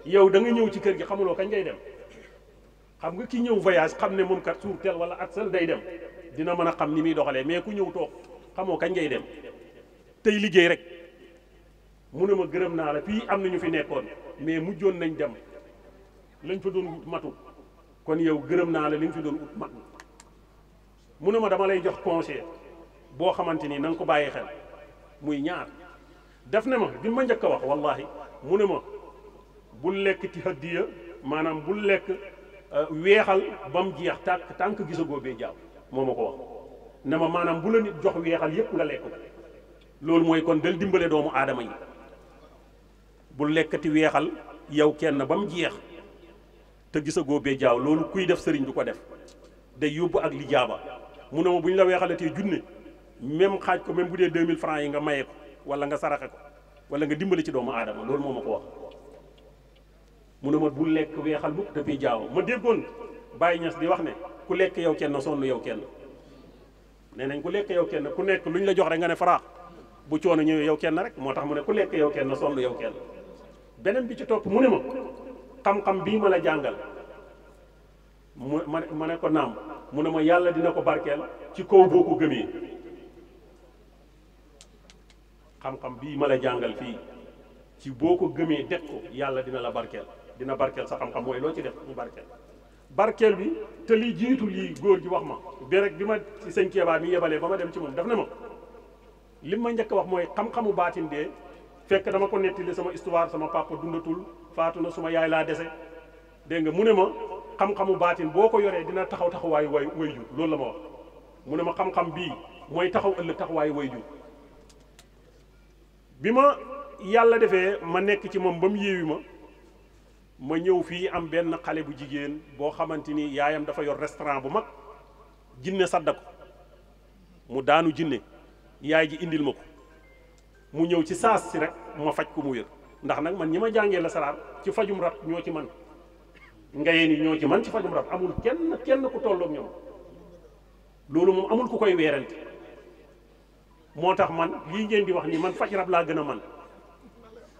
yow da nga ñëw ci kër gi xamuloo kañ ngay dem xam nga ki ñëw voyage xam ne moom kat suur teel wala ak sal day dem dina mën a xam ni muy doxalee mais ku ñëw toog xamoo kañ ngay dem tey liggéey rek mu ne ma gërëm naa la fii am na ñu fi nekkoon mais mujjoon nañ dem lañ fa doon wut matul kon yow gërëm naa la li fi doon wut mat mu ne ma dama lay jox conseil boo xamante ni na nga ko bàyyi xel muy ñaar def ne ma bi ma njëkk a wax wallahi mu ne ma bul lekk ci hadiya maanaam bu lekk euh, weexal ba mu jeex tànk tànk gisagoo bee jaaw moo ma ko wax ne ma maanaam bu la jox weexal yépp nga lekk loolu mooy kon dal dimbale doomu aadama yi bu lekkati weexal yow kenn ba mu jeex te gisagoo bee jaaw loolu kuy def sëriñ du ko def day yóbbu ak li jaaba mu ne ma bu ñu la weexalatee junne même xaaj ko même bu dee 2000 francs yi nga maye ko wala nga saraxe ko wala nga dimbali ci doomu aadama loolu moo ma ko wax mu ne ma bu lekk weexal bu te bee jaaw ma déggoon bàyyi Niass di wax ne ku lekk yow kenn sonn yow kenn nee nañ ku lekk yow kenn ku nekk lu ñu la jox rek ne faraax bu coono ñëwee yow kenn rek moo tax mu ne ku lekk yow kenn sonn yow kenn beneen bi ci topp mu ne ma xam-xam bii ma la jàngal mu ma ma ne ko naam mu ne ma yàlla dina ko barkeel ci kaw boo ko gëmee xam-xam bii ma la jàngal fii ci boo ko gëmee def ko yàlla dina la barkeel dina barkeel sa xam-xam mooy loo ci def mu barkeel barkeel bi te li jiitu lii góor ji wax ma bi rek bi ma sëñ Kéba mi yebalee ba ma dem ci moom daf ne ma li ma njëkk wax mooy xam-xamu baatin fekk dama ko nettali sama histoire sama papa dundatul faatu na suma yaay laa dese dégg nga mu ne ma xam-xamu baatin boo ko yoree dina taxaw taxawaayu way way jur loolu la ma wax mu ne ma xam-xam bii mooy taxaw ëllëg taxawaayu way jur bi ma yàlla defee ma nekk ci moom ba mu yéewi ma ma ñëw fii am benn xale bu jigéen boo xamante ni yaayam dafa yor restaurant bu mag jinne sadda ko mu daanu jinne yaay ji indil ma ko mu ñëw ci saas si rek ma faj ko mu wér ndax nag man ñi ma jàngee la saraar ci fajum rab ñoo ci man ngayeen yi ñoo ci man ci fajum rab amul kenn kenn ku tolloog ñoom loolu moom amul ku koy weerante moo tax man lii ngeen di wax nii man faj rab laa gën a man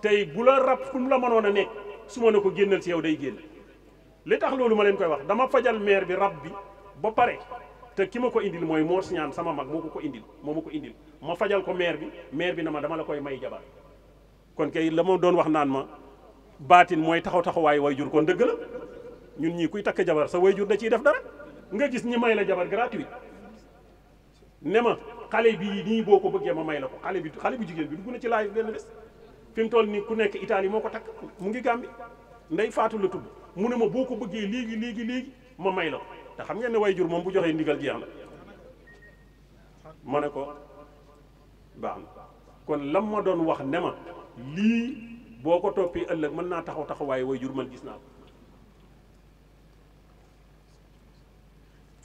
tey bu la rab fu la mënoon a nekk su ma ne ko génnal ci yow day génn li tax loolu ma leen koy wax dama fajal maire bi rab bi ba pare te ki ma ko indil mooy Mor Siñaan sama mag moo ko ko indil moo ma ko indil ma fajal ko maire bi maire bi na ma dama la koy may jabar kon kay la ma doon wax naan ma baatin mooy taxaw taxawaayu way jur kon dëgg la ñun ñii kuy takk jabar sa way jur da ciy def dara nga gis ñi may la jabar gratuit ne ma xale bi nii boo ko bëggee ma may la ko xale bi xale bu jigéen bi dugg na ci laay benn bés fi mu toll nii ku nekk Italie moo ko takk mu ngi Gàmbi ndey faatu la mu ne ma boo ko bëggee léegi léegi léegi ma may la te xam ngeen ne way jur moom bu joxee ndigal jeex na ma ne ko baax na kon lam ma doon wax ne ma lii boo ko toppee ëllëg mën naa taxaw taxawaayu way jur man gis naa ko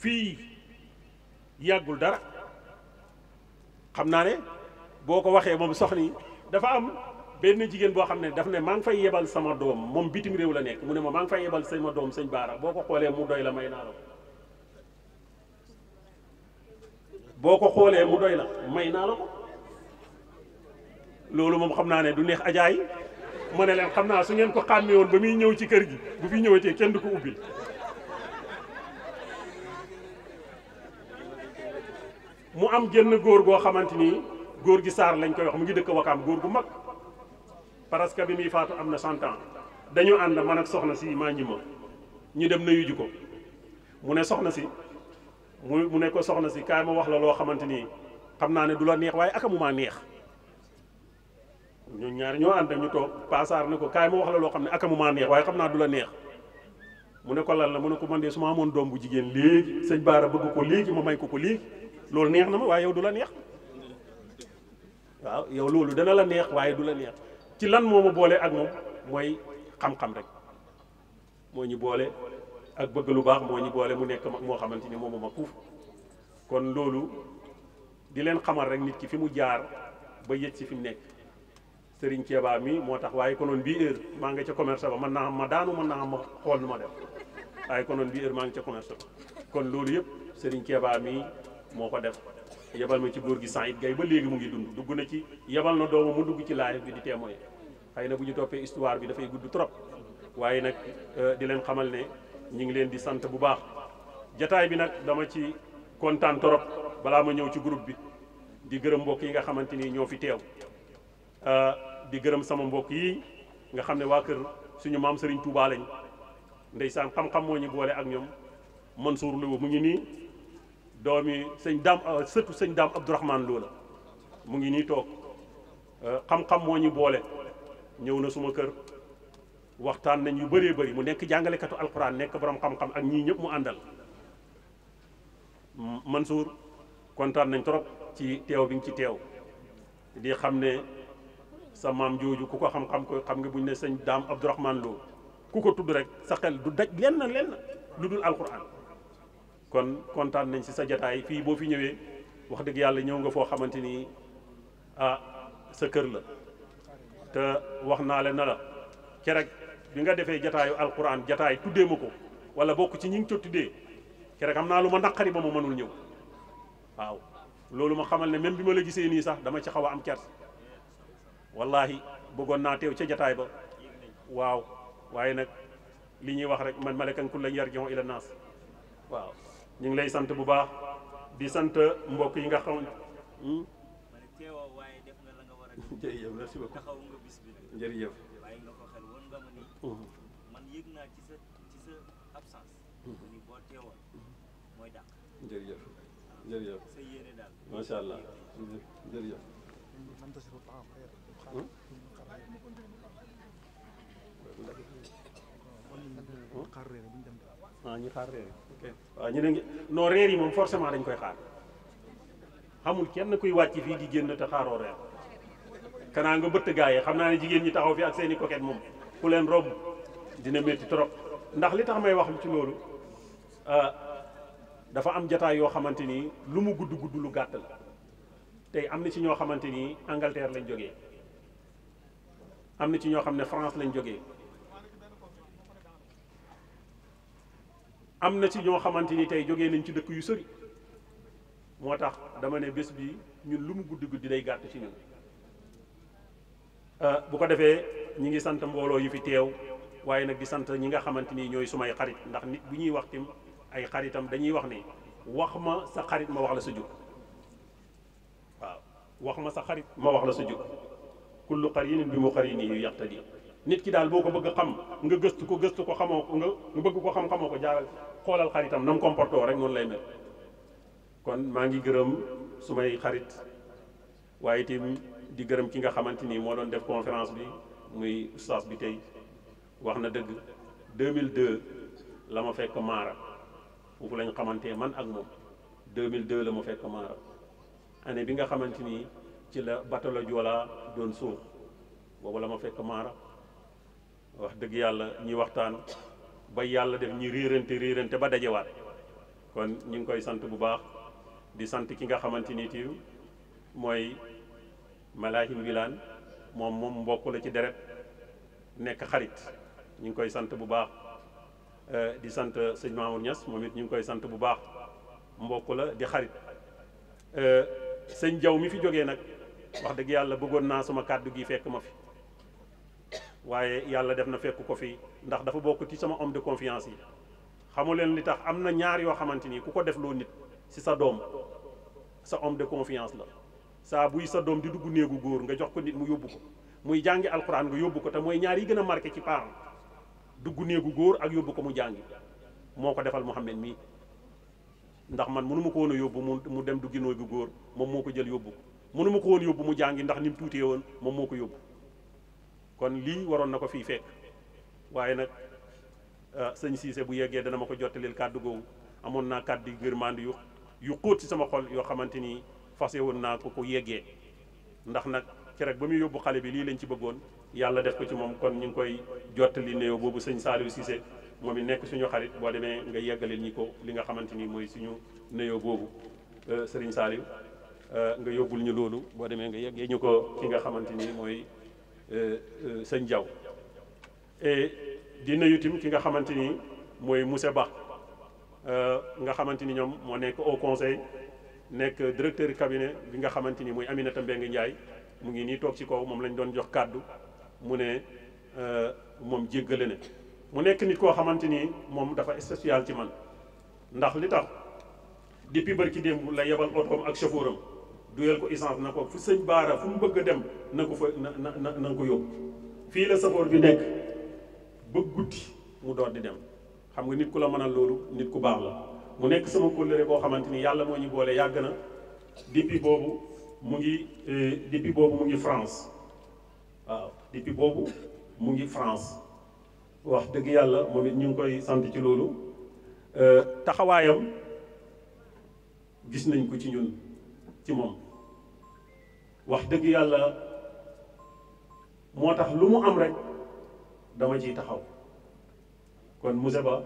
fii yàggul dara xam naa ne boo ko waxee moom soxni dafa am benn jigéen boo xam ne daf ne maa ngi fay yebal sama doom moom bitim réew la nekk mu ne ma maa ngi fay yebal sama doom sëñ baara boo ko xoolee mu doy la may naa la ko boo ko xoolee mu doy na may naa la ko loolu moom xam naa ne du neex ajaay ma ne leen xam naa su ngeen ko xàmmee woon ba muy ñëw ci kër gi bu fi ñëwee ñëwatee kenn du ko ubbil mu am génn góor goo xamante ni góor gi saar lañ koy wax mu ngi dëkk Wakaam góor gu mag parce bi muy faatu am na cent ans dañu ànd man ak soxna si maa ngi ma ñu dem na ji ko mu ne soxna si. mu mu ne ko soxna si kaay ma wax la loo xamante ni xam naa ne du la neex waaye aka mu maa neex ñun ñaari ñoo ànd ñu toog paasaar ne ko kaay ma wax la loo xam ne aka mu maa neex waaye xam naa du la neex mu ne ko lan la mu ne ko man de su ma amoon doom bu jigéen léegi sëñ Baara bëgg ko léegi ma may ko ko léegi loolu neex na ma waaye yow du la neex waaw yow loolu dana la neex waaye du la neex ci lan moo ma boole ak moom mooy xam-xam rek moo ñu boole. ak bëgg lu baax moo ñu boole mu nekk moo xamante ni moom ma kuuf kon loolu di leen xamal rek nit ki fi mu jaar ba yëg si fi mu nekk sëriñ ceebaa mi moo tax waaye konoon bii heure maa ngi ca commerce ba mën naa ma daanu mën naa xool nu ma def waaye konoon bii heure maa ngi ca commerce ba kon loolu yëpp Serigne ceebaa mi moo ko def yebal ma ci buur gi Saïd gay ba léegi mu ngi dund dugg na ci yebal na doomu mu dugg ci laaj bi di témoin xëy na bu ñu toppee histoire bi dafay gudd trop waaye nag euh, di leen xamal ne. ñu ngi leen di sant bu baax jataay bi nag dama ci kontaan trop balaa ma ñëw ci groupe bi di gërëm mbokk yi nga xamante ni ñoo fi teew euh, di gërëm sama mbokk yi nga xam ne waa kër suñu maam Serigne Touba lañ ndeysaan xam-xam moo ñu boole ak ñoom suur Lo mu ngi nii doomi sëñ daam euh, sëtu sëñ daam Abdourahmane Lo la mu ngi nii toog euh, xam-xam moo ñu boole ñëw na suma kër. waxtaan nañ yu baree bëri mu nekk jàngalekatu alxuraan nekk borom xam-xam ak ñii ñëpp mu àndal Mansour kontaan nañ trop ci teew bi nga ci teew di xam ne sa maam jooju ku ko xam-xam ko xam nga buñ ne sëñ daam Abdourahman Lo ku ko tudd rek sa xel du daj lenn lenn lu dul alxuraan kon kontaan nañ si sa jataay fii boo fi ñëwee wax dëgg yàlla ñëw nga foo xamante ni ah sa kër la te wax naa leen na la ci bi nga defee jataayu alquran jataay tuddee ma ko wala bokk ci ñi ngi de tuddee xam naa lu ma naqari ba ma mënul ñëw waaw loolu ma xamal ne même bi ma la gisee nii sax dama ci xaw a am kers wallahi bëggoon naa teew ca jataay ba waaw waaye nag li ñuy wax rek man malakan kullan yarji'u ila naas waaw ñu ngi lay sant bu baax di sant mbokk yi nga xam hmm? jërëjëf merci beaucoup jërëjëf Mm-hmm. man yëg naa ci sa ci sa absence. Mm-hmm. ni boo teewoon mooy dàq. jërëjëf ah. jërëjëf sa yéene daal. macha allah mm-hmm. jërëjëf. Hmm? ah ñu xaar réer yi. waaw ñu ne ngi non réer moom forcément dañ koy xaar kenn kuy wàcc fii di génn te xaaroo réer. kanaa nga bat gaa yi xam naa ne jigéen ñi taxaw fi ak seeni coquette moom. ku leen romb dina métti trop ndax li tax may wax lu ci loolu euh, dafa am jataay yoo xamante ni lu mu gudd gudd lu gàtt la tey am na ci ñoo xamante ni Angleterre lañ jógee am na ci ñoo xam ne France lañ jógee am na ci ñoo xamante ni tey jóge nañ ci dëkk yu sëri moo tax dama ne bés bi ñun lu mu gudd guddi day gàtt ci ñun euh, bu ko defee. ñi ngi sant mbooloo yu fi teew waaye nag di sant ñi nga xamante ni ñooy sumay xarit ndax nit bu ñuy wax tim ay xaritam dañuy wax ni wax ma sa xarit ma wax la sa jóg waaw wax ma sa xarit ma wax la sa jub kullu qarinin bi muqarini yu yaqtadi nit ki daal boo ko bëgg xam nga gëstu ko gëstu ko xamoo ko nga bëgg ko xam xamoo ko jaaral xoolal xaritam na mu comporté rek noonu lay mel kon maa ngi gërëm sumay xarit waaye itam di gërëm ki nga xamante ni moo doon def conférence bi muy ustaas bi tey wax na dëgg 2002 la ma fekk maara foofu lañ xamante man ak moom 2002 la ma fekk maara année bi nga xamante ni ci la bateau la Joola doon suux boobu la ma fekk maara wax dëgg yàlla ñi waxtaan ba yàlla def ñi riirante riirante ba dajewaat kon ñu ngi koy sant bu baax di sant ki nga xamante ni tiw mooy Malahim Wilane moom moom mbokk la ci deret nekk xarit ñu ngi koy sant bu baax euh, di sant sëñ Mamour ñas moom it ñu ngi koy sant bu baax mbokk la di xarit euh, sëñ Jaw mi fi jógee nag wax dëgg yàlla bëggoon naa sama kàddu gi fekk ma fi waaye yàlla def na fekk ko fii ndax dafa bokk ci sama homme de confiance yi xamu leen li tax am na ñaar yoo xamante ni ku ko def loo nit si sa doom sa homme de confiance la saa buy sa doom di dugg néegu góor nga jox ko nit mu yóbbu ko muy jàngi alxuraan nga yóbbu ko te mooy ñaar yi gën a marke ci parent dugg néegu góor ak yóbbu ko mu jàngi moo ko defal Mouhamed mii ndax man mënu ko woon a yóbbu mu dem dugg néegu góor moom moo ko jël yóbbu ko ko woon yóbbu mu jàngi ndax nim mu tuutee woon moom moo ko yóbbu kon lii waroon na ko fii fekk waaye nag ah, sëñ Cissé bu yeggee dana ma ko jottalil kàddu googu amoon naa kàddu ngir mànd yu yu xóot ci sama xol yoo xamante ni. fase woon naa ko ko yeggee ndax nag cereek ba muy yóbbu xale bi lii lañ ci bëggoon yàlla def ko ci moom kon ñu ngi koy jottali néew boobu sëñ Saliou Cissé moom it nekk suñu xarit boo demee nga yeggaleel ñi ko li nga xamante ni mooy suñu néew boobu euh, sëriñ Saliou euh, nga yóbbul ñu loolu boo demee nga yeggee ñu ko ki nga xamante ni mooy euh, sëñ Diaw et di ki nga xamante ni mooy Moussa Ba nga xamante ni ñoom moo nekk au conseil nekk directeur cabinet bi nga xamante ni muy Aminata Mbengue Ndiaye mu ngi nii toog ci kaw moom lañ doon jox kàddu mu ne euh, moom jéggale ne mu nekk nit koo xamante ni moom dafa spécial ci man ndax li tax depuis barki démb la yebal otoom ak chauffeur am duyal ko essence na ko fu sëñ baara fu mu bëgg a dem na ko fa na na na ko yóbbu fii la chauffeur bi nekk ba guddi mu door di dem xam nga nit ku la a loolu nit ku baax la mu nekk sama kóllëre boo xamante ni yàlla moo ñu boole yàgg na depuis boobu mu ngi euh, depuis boobu mu ngi France waaw depuis boobu mu ngi France wax dëgg yàlla moom ñu ngi koy sant ci loolu euh, taxawaayam gis nañ ko ci ñun ci moom wax dëgg yàlla moo tax lu mu am rek dama ciy taxaw kon Mouseba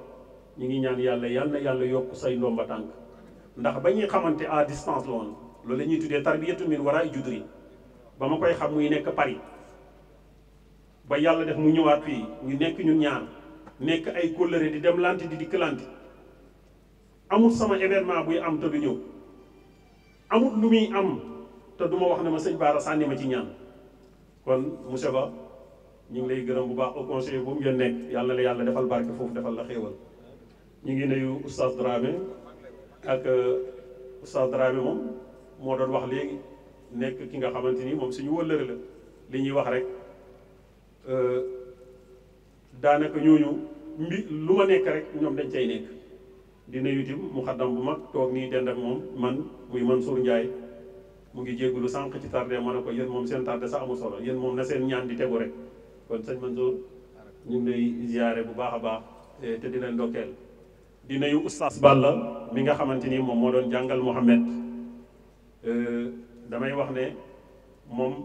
ñu ngi ñaan yàlla yal na yàlla yokk say ndomba tànk ndax ba ñuy xamante à distance lool loolu la ñuy tuddee tarbiyatu min wara judri ba ma koy xam muy nekk Paris ba yàlla def mu ñëwaat fii ñu nekk ñun ñaan nekk ay kóllëre di dem lante di dikkalante amul sama événement buy am te du ñëw amul lu muy am te du ma wax ne ma sëñ Baara sànni ma ci ñaan kon muse Ba ñu lay gërëm bu baax au conseil bu mu ngeen nekk yàlla la yàlla defal barke foofu defal la xéewal ñu ngi nuyu oustaz Dramé ak euh, oustaz Dramé moom moo doon wax léegi nekk ki nga xamante ni moom suñu wëllëre la li ñuy wax rek euh, daanaka ñu mbi lu ma nekk rek ñoom dañ cay nekk di nuyu itam muxaddam bu mag toog nii dend ak moom man muy Mansour Ndiaye mu ngi jéggulu sanq ci tardé ma ne ko yéen moom seen tardé sax amul solo yéen moom na seen ñaan di tegu rek kon sëñ Mansour ñu ngi lay ziyaare bu baax a baax te di leen ndokkeel di nuyu oustaz la mi nga xamante ni moom moo doon jàngal Mouhamed euh, damay wax ne moom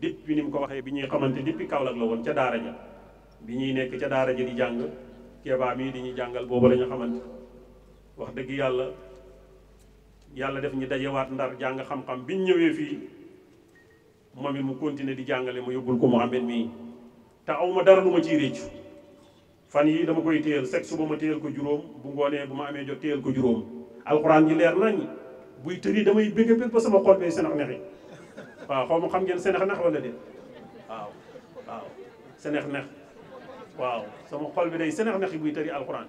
depuis ni mu ko waxee bi ñuy xamante depuis Kaolack la woon ca daara ja bi ñuy nekk ca daara ja di jàng keebaa mii di ñu jàngal boobu la ñu xamante wax dëgg yàlla yàlla def ñu dajewaat ndar jàng xam-xam bi ñu ñëwee fii moom it mu continuer di jàngale ma yóbbul ko Mouhamed mii te awma dara lu ma ciy réccu fan yii dama koy téyel chaque suba ma téyel ko juróom bu ngoonee bu ma amee jot téyel ko juróom alxuraan ji leer nañ buy tëri damay bëgg a ba sama xol bee senax nexi xam ngeen senax nex wala déet waaw waaw xol bi day senax nexi buy tëri alxuraan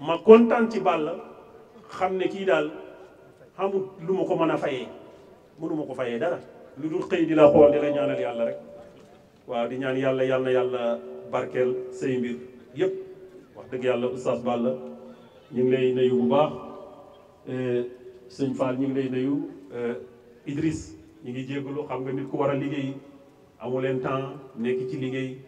ma kontaan ci Balla xam ne kii daal xamul lu ma ko mën a fayee mënuma ko fayee dara lu dul xëy di la xool di la ñaanal yàlla rek waaw di ñaan yàlla yàlla yàlla barkeel say mbir yépp dëgg yàlla oustaz Balla ñu ngi lay nayu bu baax eh, sëñ Fall ñu ngi lay nuyu eh, Idriss ñu ngi jégalu xam nga nit ku war a liggéey amu leen temps nekk ci liggéey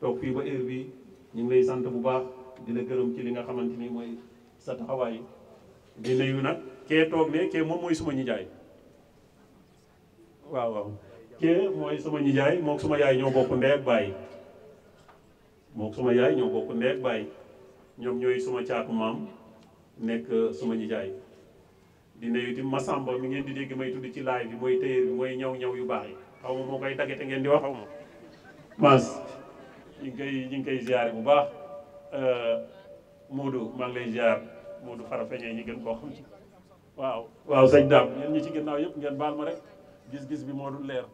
toog fii ba heure bi ñu ngi lay sant bu baax di la gërëm ci li nga xamante ni mooy sa taxawaay di nuyu nag kee toog ne kee moom mooy suma nijaay waaw waaw kee mooy suma nijaay moom suma yaay ñoo bokk ndee ak baay moom suma yaay ñoo bokk ndee ak baay ñoom ñooy suma caatu maam nekk suma nijaay di nuyu di Masamba mi ngeen di dégg may tudd ci laay bi mooy téyeer bi mooy ñaw ñaw yu baax yi xaw ma moo koy dagate ngeen di wax xaw ma maas ñu ngi koy ñu ngi koy bu baax euh, Modou maa ngi lay ziar Modou Farafeñe ñi gën koo xam ci waaw waaw sëñ daam ñeen ñi ci ginnaaw yëpp ngeen baal ma rek gis-gis bi moo dul leer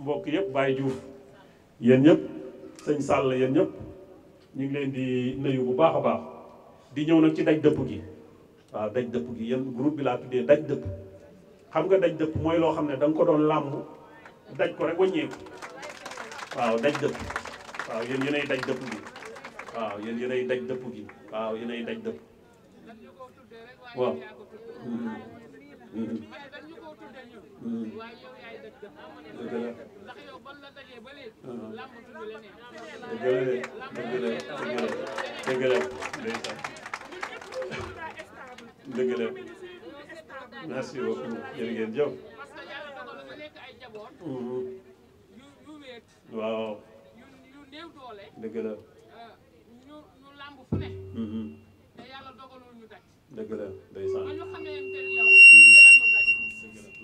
mbokk yëpp Baye Diouf yéen ñëpp sëñ sàll yéen ñëpp ñu ngi leen di nuyu bu baax a baax di ñëw nag ci daj dëpp gi waaw daj dëpp gi yéen groupe bi laa tuddee daj dëpp xam nga daj dëpp mooy loo xam ne da ko doon làmb daj ko rek wàññeeku waaw daj dëpp waaw yéen yéenay daj dëpp gi waaw yéen yéenay daj dëpp gi waaw yéenay daj dëpp waaw mm-hmm. Mm-hmm. dëgg la merci beaucoup jërë ngeen jëf waaw dëgg la dëgg la ndeysaan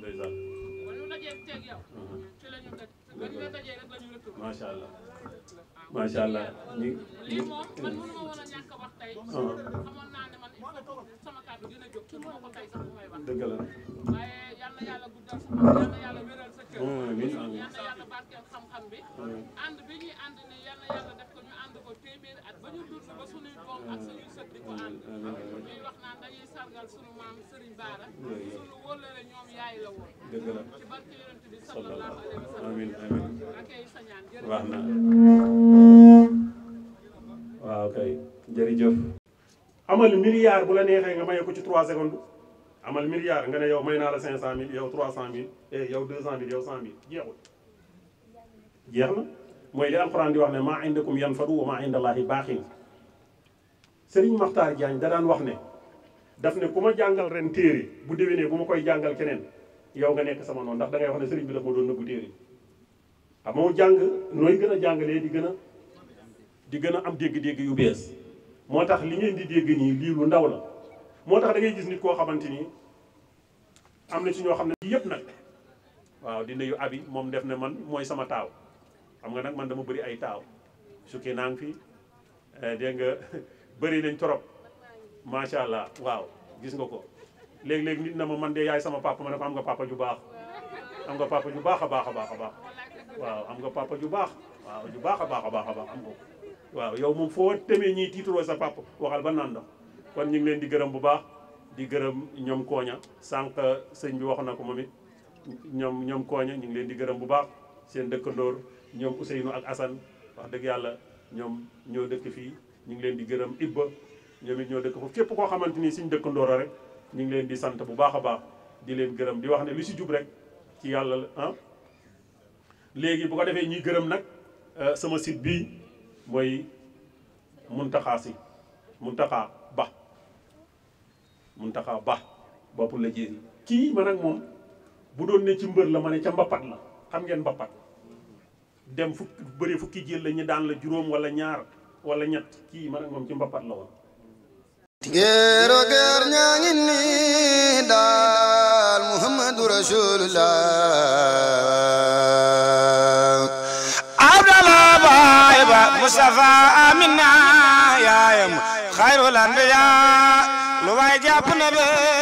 ndeysaan ba ñu dajee teeg yow ci lañu daj ba ñu la dajee rek la ñu rëkk macha allah macha allah lii moom man mënuma woon a ñàkk a wax tey xamoon naa ne man sama kàddu dina jóg ci moo ko tey sax may wax dëgg la waaye yal mm, na yàlla guddal yal na yàlla wéral sa kër yal na yàlla barkeel xam-xam bi mm. ànd bi ñuy ànd ni yal na yàlla def ak suñuy sët di ko ànd ñuy wax naan dañuy la woon dëgg la ci barke yonent bi sallallahu alayhi wa sallam amiin amiin akay sa ñaan jërëjëf wax na waaw kay jërëjëf amal milliard bu la neexee nga maye ko ci trois al amal milliard nga ne yow may naa la cinq cent mille yow trois cent mille eh yow deux cent mille yow cent mille jeex na mooy li alxuraan di wax ne maa indakum yanfadu wa maa indallahi baaxin sëriñ Makhtar Diagne da daan wax ne daf ne ku ma jàngal ren téere bu déwénee bu ma koy jàngal keneen yow nga nekk sama noonu ndax da ngay wax ne Serigne bi daf ma doon nëbbu téere xam jàng nooy gën a jàngalee di gën a di gën a am dégg-dégg yu bees moo tax li ngeen di dégg nii lii lu ndaw la moo tax dangay gis nit koo xamante ni am na si ñoo xam ne yëpp nag waaw di nuyu abi moom def ne man mooy sama taaw xam nga nag man dama bari ay taaw sukki naa ngi fi eh, dégg bëri nañ trop macha allah waaw gis nga ko léegi léeg nit na ma man de yaay sama papa ma ne ko am nga papa ju baax am nga papa ju baax a baax a baax a baax waaw am nga papa ju baax waaw ju baax a baax a baax a baax am waaw yow moom foo temee ñiy tiituroo sa papa waxal ba naan ndax kon ñu ngi leen di gërëm bu baax di gërëm ñoom kooña sànq sëñ bi wax na ko moom it ñoom ñoom kooña ñu ngi leen di gërëm bu baax seen dëkkandoor ñoom Ousseynou ak Assane wax dëgg yàlla ñoom ñoo dëkk fii ñu ngi leen di gërëm ibba ñoom it ñoo dëkk foofu képp koo xamante ni suñ dëkkandoo la rek ñu ngi leen di sant bu baax a baax di leen gërëm di wax ne lu si jub rek ci yàlla la ah léegi bu ko defee ñuy gërëm nag euh, sama sit bii mooy muntaxaa si muntaxaa ba muntaxaa ba boppul la jéeri kii man ak moom bu doon ne ci mbër la ma ne ca mbappat la xam ngeen mbappat dem fukki bëri fukki jël la ñu daan la juróom wala ñaar wala ñett kii man ak ci mbappat la woon géero géer ñaa ngi nii daal muhammadu abdallah baay ba mustafa amina yaayam xayrul anbiya lu waay na bee